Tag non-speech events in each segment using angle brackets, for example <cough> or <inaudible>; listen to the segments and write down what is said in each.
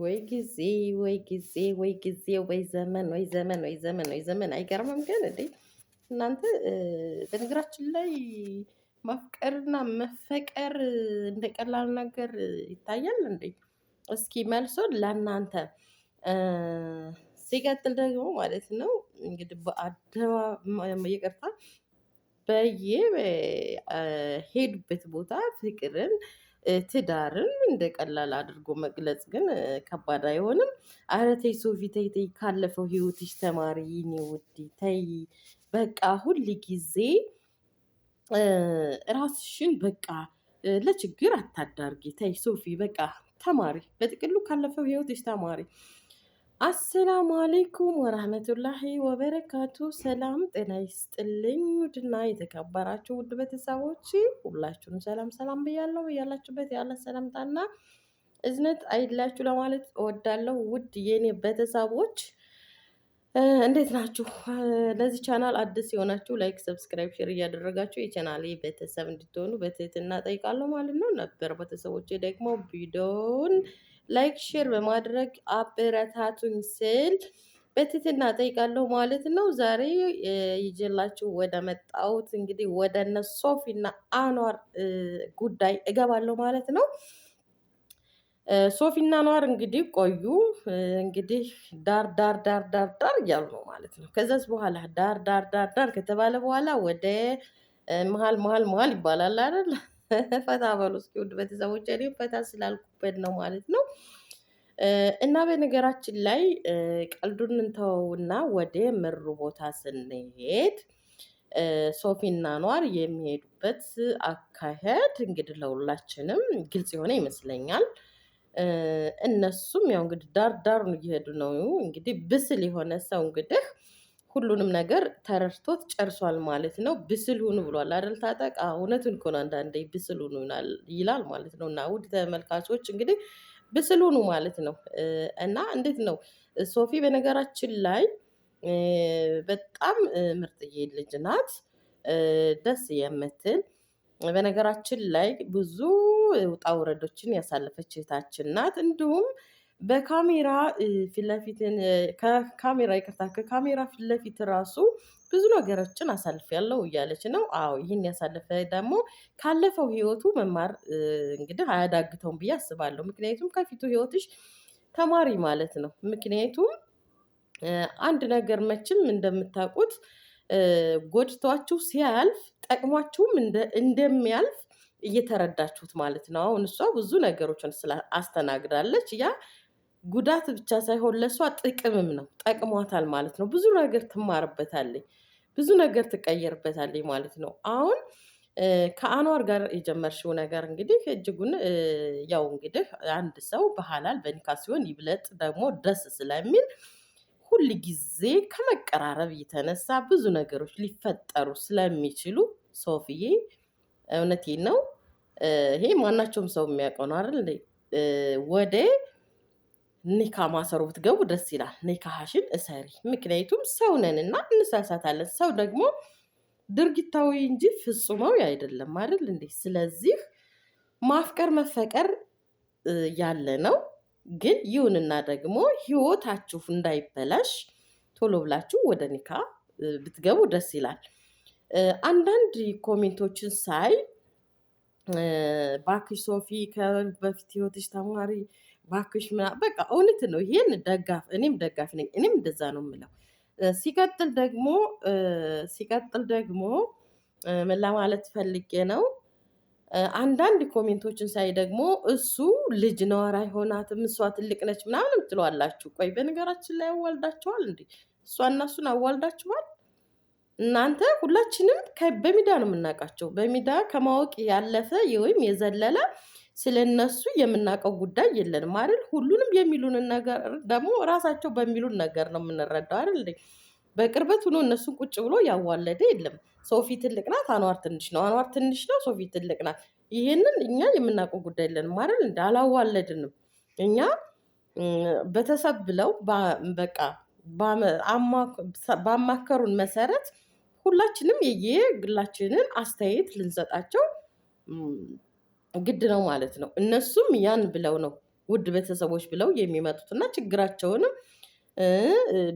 ወይ ጊዜ ወይ ጊዜ ወይ ጊዜ ወይ ዘመን ወይ ዘመን ወይ ዘመን ወይ ዘመን። አይገርምም ግን እንዴ እናንተ። በነገራችን ላይ ማፍቀርና መፈቀር እንደ ቀላል ነገር ይታያል እንዴ? እስኪ መልሶን ለእናንተ። ሲቀጥል ደግሞ ማለት ነው እንግዲህ በአደባባይ ይቅርታ፣ በየ ሄዱበት ቦታ ፍቅርን ትዳርን እንደ ቀላል አድርጎ መግለጽ ግን ከባድ አይሆንም። ኧረ ተይ ሶፊ ተይ ተይ፣ ካለፈው ህይወትሽ ተማሪ የኔ ውድ ተይ። በቃ ሁል ጊዜ ራስሽን በቃ ለችግር አታዳርጊ። ተይ ሶፊ በቃ ተማሪ፣ በጥቅሉ ካለፈው ህይወትሽ ተማሪ። አሰላሙ አሌይኩም ወራህመቱላሂ ወበረካቱ። ሰላም ጤና ይስጥልኝ። ውድና የተከበራችሁ ውድ ቤተሰቦች ሁላችሁንም ሰላም ሰላም ብያለሁ። እያላችሁበት ያለ ሰላምታና እዝነት አይላችሁ ለማለት እወዳለሁ። ውድ የኔ ቤተሰቦች እንዴት ናችሁ? ለዚህ ቻናል አዲስ የሆናችሁ ላይክ፣ ሰብስክራይብ፣ ሼር እያደረጋችሁ የቻናሌ ቤተሰብ እንድትሆኑ በትህትና ጠይቃለሁ ማለት ነው። ነበር ቤተሰቦች ደግሞ ቪዲዮውን ላይክ፣ ሼር በማድረግ አበረታቱኝ ስል በትትና ጠይቃለሁ ማለት ነው። ዛሬ ይጀላችሁ ወደ መጣሁት እንግዲህ ወደ እነ ሶፊና አኗር ጉዳይ እገባለሁ ማለት ነው። ሶፊና አኗር እንግዲህ ቆዩ እንግዲህ ዳር ዳር ዳር ዳር ዳር እያሉ ነው ማለት ነው። ከዛስ በኋላ ዳር ዳር ዳር ዳር ከተባለ በኋላ ወደ መሀል መሀል መሀል ይባላል አይደል? <laughs> ፈታ በሉ እስኪ ውድ ቤተሰቦች፣ እኔም ፈታ ስላልኩበት ነው ማለት ነው። እና በነገራችን ላይ ቀልዱን እንተውና ወደ ምሩ ቦታ ስንሄድ ሶፊና ኗር የሚሄዱበት አካሄድ እንግዲህ ለሁላችንም ግልጽ የሆነ ይመስለኛል። እነሱም ያው እንግዲህ ዳር ዳሩን እየሄዱ ነው። እንግዲህ ብስል የሆነ ሰው እንግዲህ ሁሉንም ነገር ተረድቶት ጨርሷል ማለት ነው። ብስል ሁኑ ብሏል አይደል ታጠቅ? እውነቱን እኮ ነው። አንዳንዴ ብስል ሁኑ ይላል ማለት ነው። እና ውድ ተመልካቾች እንግዲህ ብስል ሁኑ ማለት ነው። እና እንዴት ነው ሶፊ፣ በነገራችን ላይ በጣም ምርጥዬ ልጅ ናት፣ ደስ የምትል በነገራችን ላይ ብዙ ውጣ ውረዶችን ያሳለፈች እህታችን ናት። እንዲሁም በካሜራ ፊት ከካሜራ ይቅርታ፣ ከካሜራ ፊትለፊት ራሱ ብዙ ነገሮችን ያለው እያለች ነው። አዎ ይህን ያሳለፈ ደግሞ ካለፈው ህይወቱ መማር እንግዲህ አያዳግተውም ብዬ አስባለሁ። ምክንያቱም ከፊቱ ህይወትሽ ተማሪ ማለት ነው። ምክንያቱም አንድ ነገር መቼም እንደምታውቁት ጎድቷችሁ ሲያልፍ ጠቅሟችሁም እንደሚያልፍ እየተረዳችሁት ማለት ነው። አሁን እሷ ብዙ ነገሮችን አስተናግዳለች ያ ጉዳት ብቻ ሳይሆን ለእሷ ጥቅምም ነው። ጠቅሟታል ማለት ነው። ብዙ ነገር ትማርበታለች፣ ብዙ ነገር ትቀየርበታለች ማለት ነው። አሁን ከአኗር ጋር የጀመርሽው ነገር እንግዲህ እጅጉን ያው እንግዲህ አንድ ሰው በሐላል በኒካ ሲሆን ይብለጥ ደግሞ ደስ ስለሚል ሁል ጊዜ ከመቀራረብ የተነሳ ብዙ ነገሮች ሊፈጠሩ ስለሚችሉ ሶፍዬ፣ እውነቴ ነው። ይሄ ማናቸውም ሰው የሚያውቀው ነው አይደል? ወደ ኒካ ማሰሮ ብትገቡ ደስ ይላል። ኒካሽን እሰሪ። ምክንያቱም ሰው እና እንሳሳታለን። ሰው ደግሞ ድርጊታዊ እንጂ ፍጹማዊ አይደለም አይደል እንዴ? ስለዚህ ማፍቀር መፈቀር ያለ ነው። ግን ይሁንና ደግሞ ህይወታችሁ እንዳይበላሽ ቶሎ ብላችሁ ወደ ኒካ ብትገቡ ደስ ይላል። አንዳንድ ኮሜንቶችን ሳይ ባክሽ ሶፊ ከበፊት ህይወትሽ ተማሪ ባክሽ ምና በቃ እውነት ነው። ይሄን ደጋፍ እኔም ደጋፊ ነኝ። እኔም እንደዛ ነው የምለው። ሲቀጥል ደግሞ ሲቀጥል ደግሞ ምን ለማለት ፈልጌ ነው፣ አንዳንድ ኮሜንቶችን ሳይ ደግሞ እሱ ልጅ ነዋራ አይሆናትም እሷ ትልቅ ነች ምናምን ትለዋላችሁ። ቆይ በነገራችን ላይ አዋልዳችኋል እንዴ? እሷ እናሱን አዋልዳችኋል እናንተ? ሁላችንም በሚዳ ነው የምናውቃቸው። በሚዳ ከማወቅ ያለፈ ወይም የዘለለ ስለ እነሱ የምናውቀው ጉዳይ የለንም አይደል? ሁሉንም የሚሉን ነገር ደግሞ ራሳቸው በሚሉን ነገር ነው የምንረዳው አይደል? በቅርበት ሆኖ እነሱን ቁጭ ብሎ ያዋለደ የለም። ሶፊ ትልቅ ናት፣ አኗር ትንሽ ነው። አኗር ትንሽ ነው፣ ሶፊ ትልቅ ናት። ይሄንን እኛ የምናውቀው ጉዳይ የለንም አይደል? እንደ አላዋለድንም እኛ በተሰብ ብለው በቃ ባማከሩን መሰረት ሁላችንም የየግላችንን አስተያየት ልንሰጣቸው ግድ ነው ማለት ነው። እነሱም ያን ብለው ነው ውድ ቤተሰቦች ብለው የሚመጡት እና ችግራቸውንም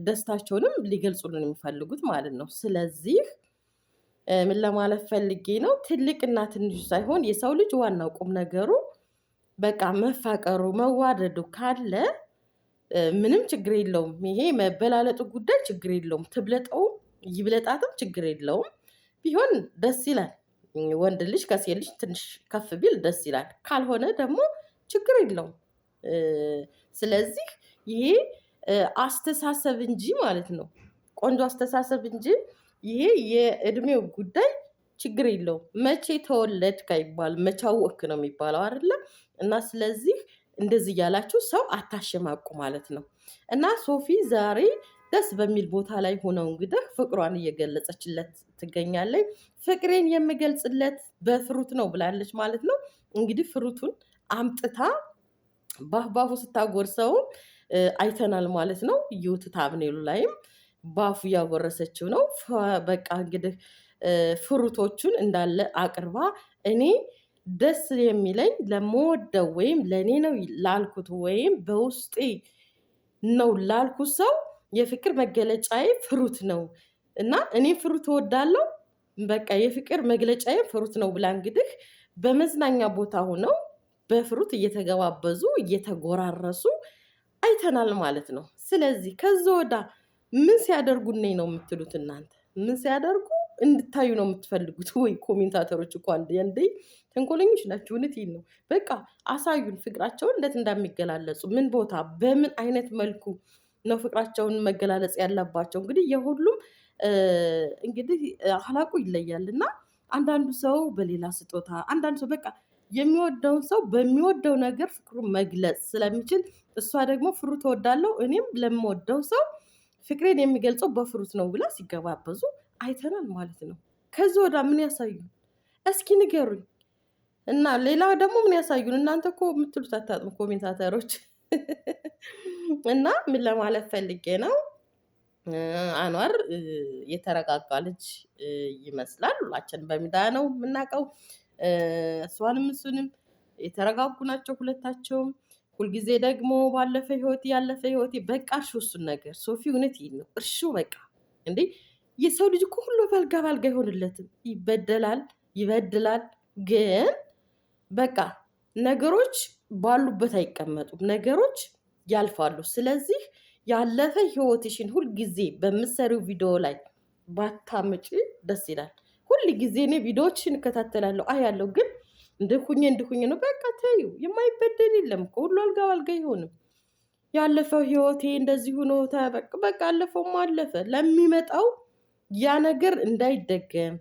ደስታቸውንም ሊገልጹልን የሚፈልጉት ማለት ነው። ስለዚህ ምን ለማለት ፈልጌ ነው? ትልቅና ትንሹ ሳይሆን የሰው ልጅ ዋናው ቁም ነገሩ በቃ መፋቀሩ መዋደዱ ካለ ምንም ችግር የለውም። ይሄ መበላለጡ ጉዳይ ችግር የለውም። ትብለጠው ይብለጣትም ችግር የለውም። ቢሆን ደስ ይላል። ወንድ ልጅ ከሴት ልጅ ትንሽ ከፍ ቢል ደስ ይላል። ካልሆነ ደግሞ ችግር የለውም። ስለዚህ ይሄ አስተሳሰብ እንጂ ማለት ነው ቆንጆ አስተሳሰብ እንጂ ይሄ የእድሜው ጉዳይ ችግር የለውም። መቼ ተወለድክ አይባልም፣ መቼ አወቅክ ነው የሚባለው አይደለ? እና ስለዚህ እንደዚህ እያላችሁ ሰው አታሸማቁ ማለት ነው። እና ሶፊ ዛሬ ደስ በሚል ቦታ ላይ ሆነው እንግዲህ ፍቅሯን እየገለጸችለት ትገኛለች። ፍቅሬን የምገልጽለት በፍሩት ነው ብላለች ማለት ነው። እንግዲህ ፍሩቱን አምጥታ በአፍባፉ ስታጎርሰው አይተናል ማለት ነው። ዩቱብ ታብኔሉ ላይም ባፉ እያጎረሰችው ነው። በቃ እንግዲህ ፍሩቶቹን እንዳለ አቅርባ እኔ ደስ የሚለኝ ለመወደው ወይም ለእኔ ነው ላልኩት ወይም በውስጤ ነው ላልኩት ሰው የፍቅር መገለጫዬ ፍሩት ነው እና እኔ ፍሩት እወዳለሁ፣ በቃ የፍቅር መግለጫዬ ፍሩት ነው ብላ እንግዲህ በመዝናኛ ቦታ ሆነው በፍሩት እየተገባበዙ እየተጎራረሱ አይተናል ማለት ነው። ስለዚህ ከዚ ወዳ ምን ሲያደርጉ ሲያደርጉነኝ ነው የምትሉት እናንተ? ምን ሲያደርጉ እንድታዩ ነው የምትፈልጉት ወይ? ኮሜንታተሮች እኮ አንድ ንዴ ተንኮለኞች ናቸው። እውነት ነው። በቃ አሳዩን ፍቅራቸውን እንዴት እንደሚገላለጹ ምን ቦታ በምን አይነት መልኩ ነው ፍቅራቸውን መገላለጽ ያለባቸው። እንግዲህ የሁሉም እንግዲህ አህላቁ ይለያል እና አንዳንዱ ሰው በሌላ ስጦታ፣ አንዳንዱ ሰው በቃ የሚወደውን ሰው በሚወደው ነገር ፍቅሩን መግለጽ ስለሚችል እሷ ደግሞ ፍሩ እወዳለሁ እኔም ለምወደው ሰው ፍቅሬን የሚገልጸው በፍሩት ነው ብላ ሲገባበዙ አይተናል ማለት ነው። ከዚህ ወዳ ምን ያሳዩ እስኪ ንገሩኝ። እና ሌላ ደግሞ ምን ያሳዩን እናንተ እኮ የምትሉት አታጥም ኮሜንታተሮች እና ምን ለማለት ፈልጌ ነው፣ አኗር የተረጋጋ ልጅ ይመስላል። ሁላችን በሚዳ ነው የምናውቀው፣ እሷንም እሱንም የተረጋጉ ናቸው ሁለታቸውም። ሁልጊዜ ደግሞ ባለፈ ህይወት ያለፈ ህይወት በቃ እርሺው እሱን ነገር ሶፊ፣ እውነት ይሄን ነው እርሹ። በቃ እንዴ! የሰው ልጅ እኮ ሁሉ በልጋ ባልጋ አይሆንለትም። ይበደላል፣ ይበድላል። ግን በቃ ነገሮች ባሉበት አይቀመጡም። ነገሮች ያልፋሉ። ስለዚህ ያለፈ ህይወትሽን ሁልጊዜ በምትሰሪው ቪዲዮ ላይ ባታምጪ ደስ ይላል። ሁል ጊዜ እኔ ቪዲዮዎችን እከታተላለሁ አያለሁ፣ ግን እንደኩኝ እንደኩኝ ነው። በቃ ተዩ፣ የማይበደል የለም። ከሁሉ አልጋ ባልጋ አይሆንም። ያለፈው ህይወቴ እንደዚህ ሆኖ ተበቅ በቃ አለፈውም አለፈ። ለሚመጣው ያ ነገር እንዳይደገም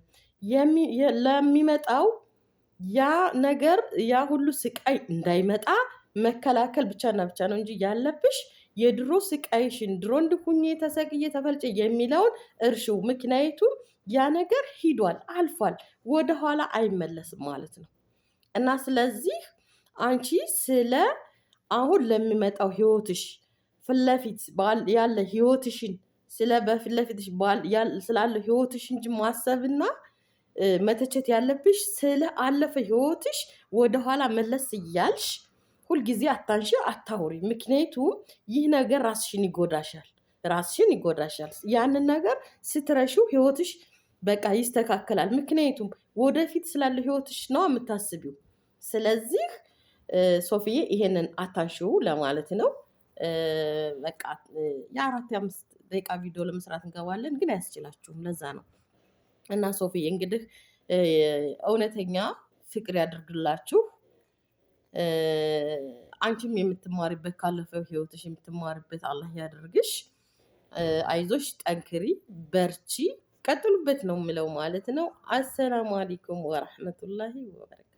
ለሚመጣው ያ ነገር ያ ሁሉ ስቃይ እንዳይመጣ መከላከል ብቻና ብቻ ነው እንጂ ያለብሽ የድሮ ስቃይሽን ድሮ እንድኩኝ ተሰቅዬ ተፈልጬ የሚለውን እርሺው። ምክንያቱም ያ ነገር ሂዷል፣ አልፏል፣ ወደኋላ አይመለስም ማለት ነው እና ስለዚህ አንቺ ስለ አሁን ለሚመጣው ህይወትሽ ፍለፊት ያለ ህይወትሽን ስለ ስላለ ህይወትሽ እንጂ ማሰብና መተቸት ያለብሽ ስለ አለፈ ህይወትሽ ወደኋላ መለስ እያልሽ ሁልጊዜ አታንሺ፣ አታውሪ። ምክንያቱም ይህ ነገር ራስሽን ይጎዳሻል፣ ራስሽን ይጎዳሻል። ያንን ነገር ስትረሺው ህይወትሽ በቃ ይስተካከላል። ምክንያቱም ወደፊት ስላለ ህይወትሽ ነው የምታስቢው። ስለዚህ ሶፊዬ ይሄንን አታንሺው ለማለት ነው። በቃ የአራት የአምስት ደቂቃ ቪዲዮ ለመስራት እንገባለን፣ ግን አያስችላችሁም። ለዛ ነው እና ሶፊ እንግዲህ እውነተኛ ፍቅር ያደርግላችሁ አንቺም የምትማሪበት ካለፈው ህይወትሽ የምትማሪበት አላህ ያደርግሽ። አይዞሽ፣ ጠንክሪ፣ በርቺ፣ ቀጥሉበት ነው የምለው ማለት ነው። አሰላሙ አለይኩም ወረህመቱላሂ ወበረካቱ።